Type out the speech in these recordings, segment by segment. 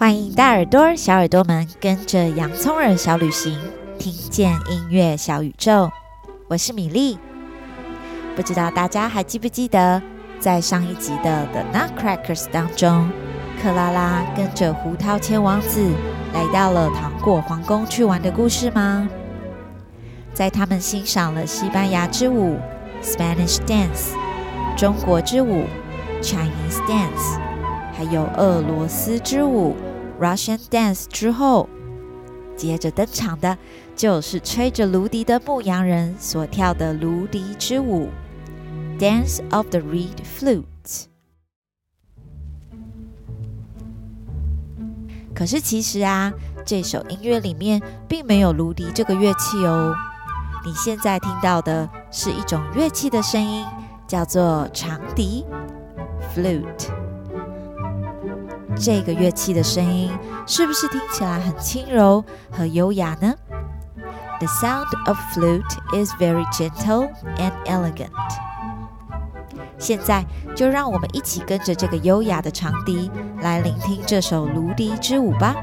歡迎大耳朵、小耳朵們跟着洋蔥耳小旅行，聽見音樂小宇宙。我是米粒。不知道大家還記不記得在上一集的《The Nutcrackers》當中，克拉拉跟着胡桃鉗王子來到了糖果皇宮去玩的故事嗎？在他們欣賞了西班牙之舞 （Spanish Dance）、中國之舞 （Chinese Dance） 還有俄羅斯之舞。Russian Dance 之後，接着登場的，就是吹着蘆笛的牧羊人所跳的蘆笛之舞，Dance of the Reed Flute。可是其實啊，這首音樂裡面並沒有蘆笛這個樂器哦。你現在聽到的是一種樂器的聲音，叫做長笛，Flute。這個樂器的聲音是不是聽起來很輕柔和優雅呢？The sound of flute is very gentle and elegant. 現在就讓我們一起跟着這個優雅的長笛來聆聽這首《蘆笛之舞》吧。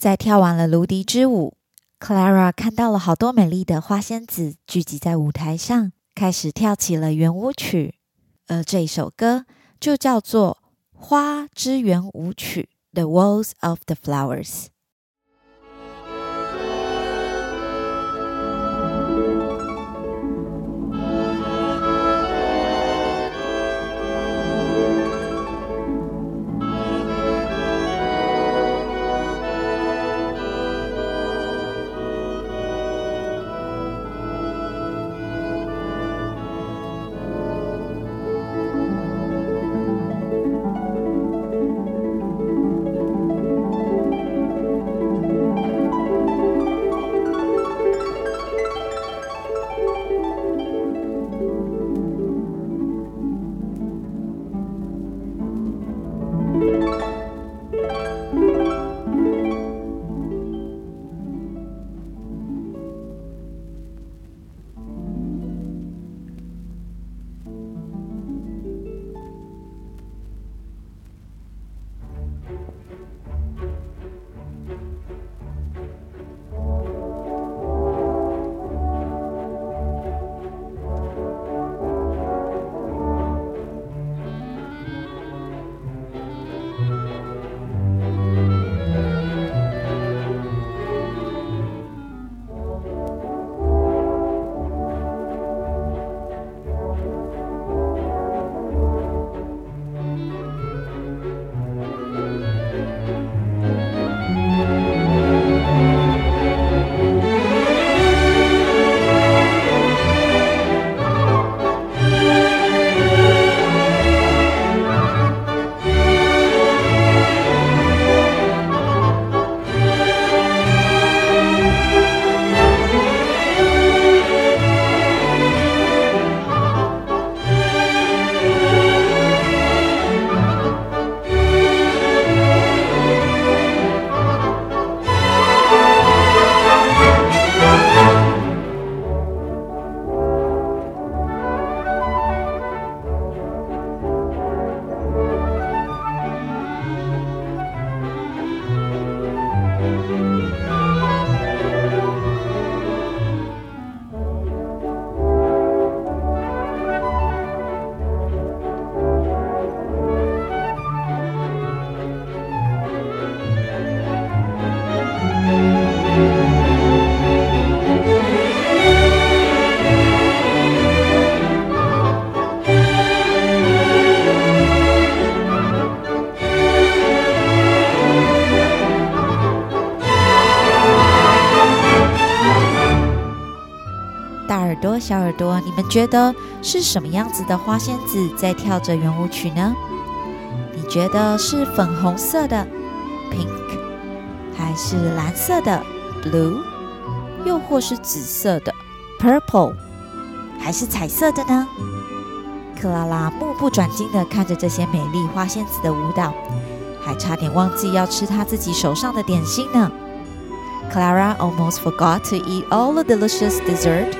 在跳完了蘆笛之舞，Clara 看到了好多美麗的花仙子聚集在舞台上，開始跳起了圓舞曲。而這首歌就叫做《花之圓舞曲》（The Waltz of the Flowers）。說，你們覺得是什麼樣子的花仙子在跳着圓舞曲呢？你覺得是粉紅色的 （pink） 還是藍色的 （blue） 又或是紫色的 （purple） 還是彩色的呢？克拉拉目不轉睛的看着這些美麗花仙子的舞蹈，還差點忘記要吃她自己手上的點心呢。Clara almost forgot to eat all the delicious dessert.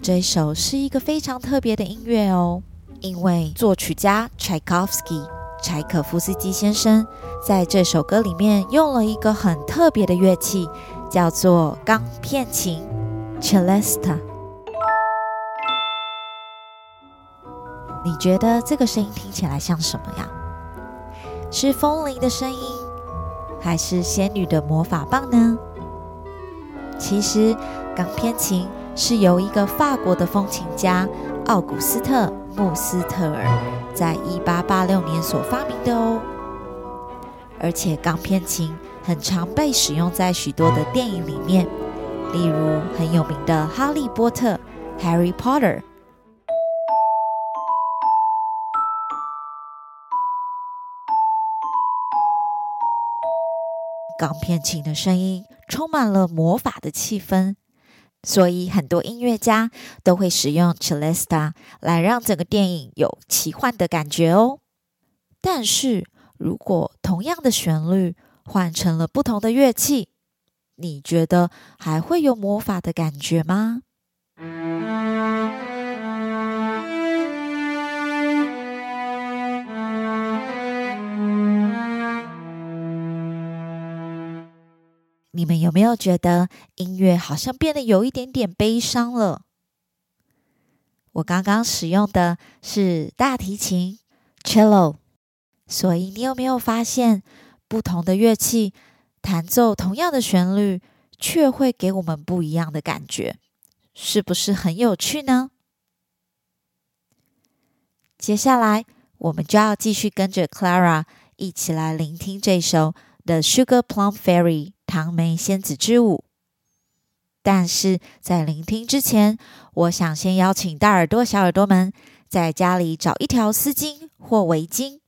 這一首是一個非常特別的音樂哦，因為作曲家柴可夫斯基柴可夫斯基先生在這首歌裡面用了一個很特別的樂器，叫做鋼片琴 Celesta。你覺得這個聲音聽起來像什麼呀？是風鈴的聲音，還是仙女的魔法棒呢？其實鋼片琴。是由一個法國的風琴家奧古斯特·穆斯特爾在一八八六年所發明的哦，而且鋼片琴很常被使用在許多的電影裡面，例如很有名的《哈利波特》（Harry Potter）。鋼片琴的聲音充滿了魔法的氣氛。所以，很多音樂家都會使用 Celesta 來讓整個電影有奇幻的感覺哦。但是，如果同樣的旋律換成了不同的樂器，你覺得還會有魔法的感覺嗎？你們有沒有覺得音樂好像變得有一點點悲傷了？我剛剛使用的是大提琴 （cello），所以你有沒有發現不同的樂器彈奏同樣的旋律，卻會給我們不一樣的感覺？是不是很有趣呢？接下來，我們就要繼續跟着 Clara 一起來聆聽這首。The Sugar Plum Fairy》糖梅仙子之舞，但是在聆聽之前，我想先邀請大耳朵小耳朵們在家裡找一條絲巾或圍巾，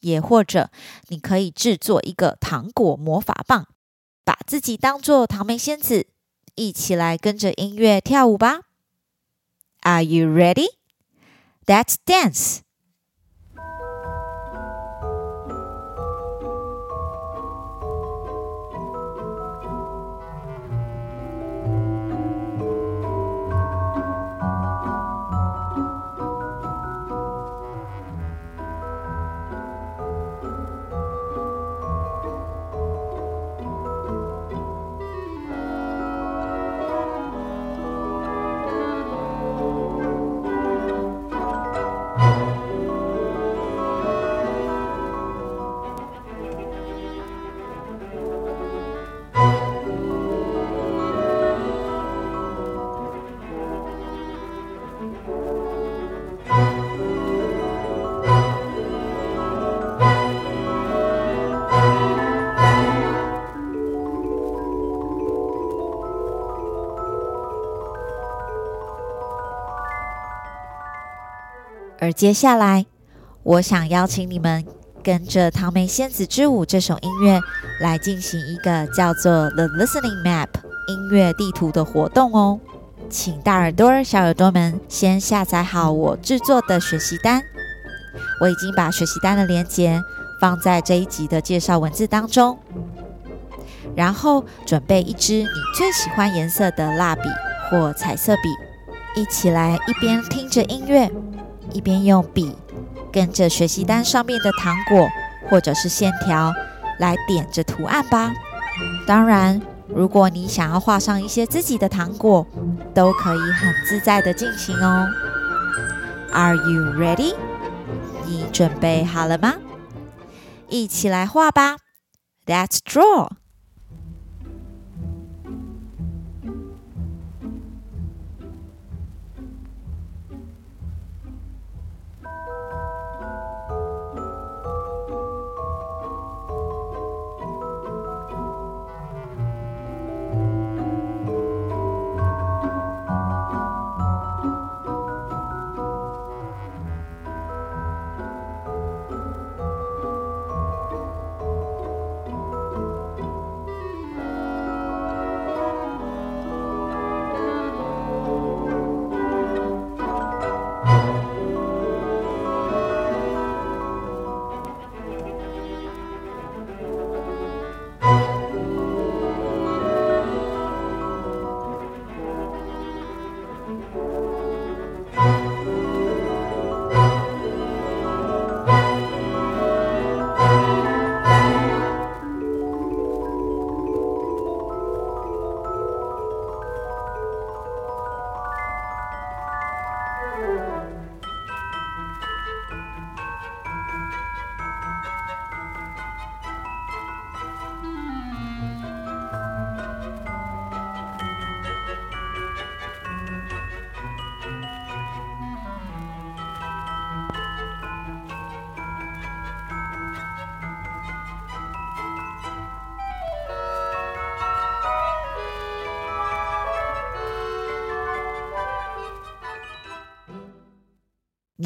也或者你可以製作一個糖果魔法棒，把自己當做糖梅仙子，一起來跟着音樂跳舞吧。Are you ready? Let's dance! 而接下來，我想邀請你們跟着《糖梅仙子之舞》這首音樂來進行一個叫做 “The Listening Map” 音樂地圖的活動哦。請大耳朵、小耳朵們先下載好我制作的學習單，我已經把學習單的鏈接放在這一集的介紹文字當中。然後準備一支你最喜歡顏色的蠟筆或彩色筆，一起來一邊聽着音樂。一邊用筆跟着學習單上面的糖果或者是線條來點着圖案吧。當然，如果你想要畫上一些自己的糖果，都可以很自在的進行哦。Are you ready？你準備好了嗎？一起來畫吧！Let's draw。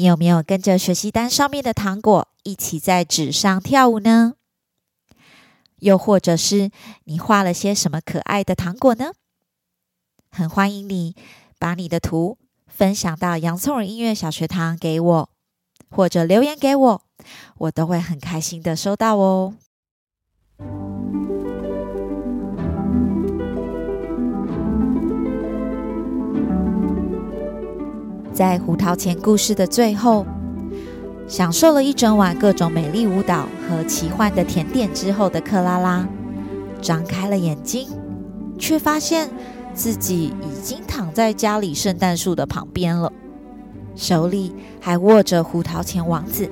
你有沒有跟着學習單上面的糖果一起在紙上跳舞呢？又或者是你畫了些什麼可愛的糖果呢？很歡迎你把你的圖分享到洋蔥耳音樂小學堂給我，或者留言給我，我都會很開心的收到哦。在胡桃鉗故事的最後，享受了一整晚各種美麗舞蹈和奇幻的甜點之後的克拉拉，張開了眼睛，卻發現自己已經躺在家裡聖誕樹的旁邊了，手裡還握着胡桃鉗王子。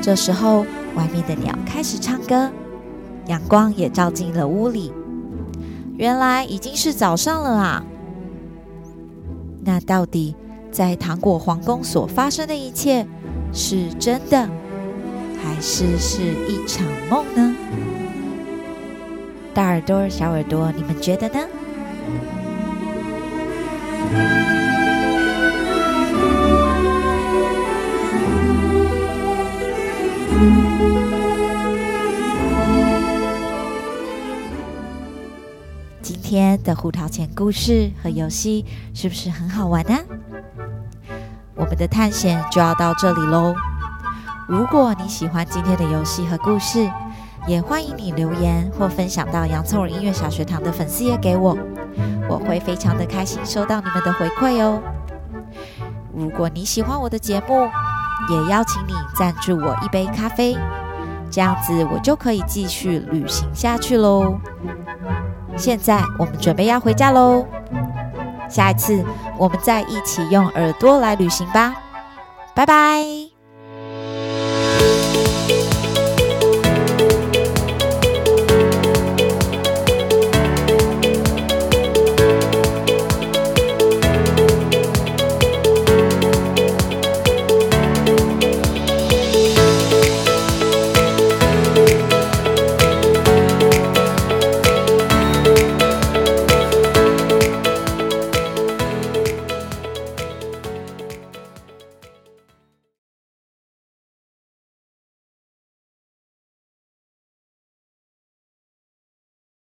這時候，外面的鳥開始唱歌，陽光也照進了屋裡，原來已經是早上了啊！那到底在糖果皇宮所發生的一切是真的，還是是一場夢呢？大耳朵、小耳朵，你們覺得呢？的胡桃鉗故事和遊戲是不是很好玩呢？啊？我們的探險就要到這裡嘍。如果你喜歡今天的遊戲和故事，也歡迎你留言或分享到洋蔥耳音樂小學堂的粉絲頁給我，我會非常的開心收到你們的回饋哦。如果你喜歡我的節目，也邀請你贊助我一杯咖啡，這樣子我就可以繼續旅行下去嘍。現在我們準備要回家嘍，下一次我們再一起用耳朵來旅行吧，拜拜。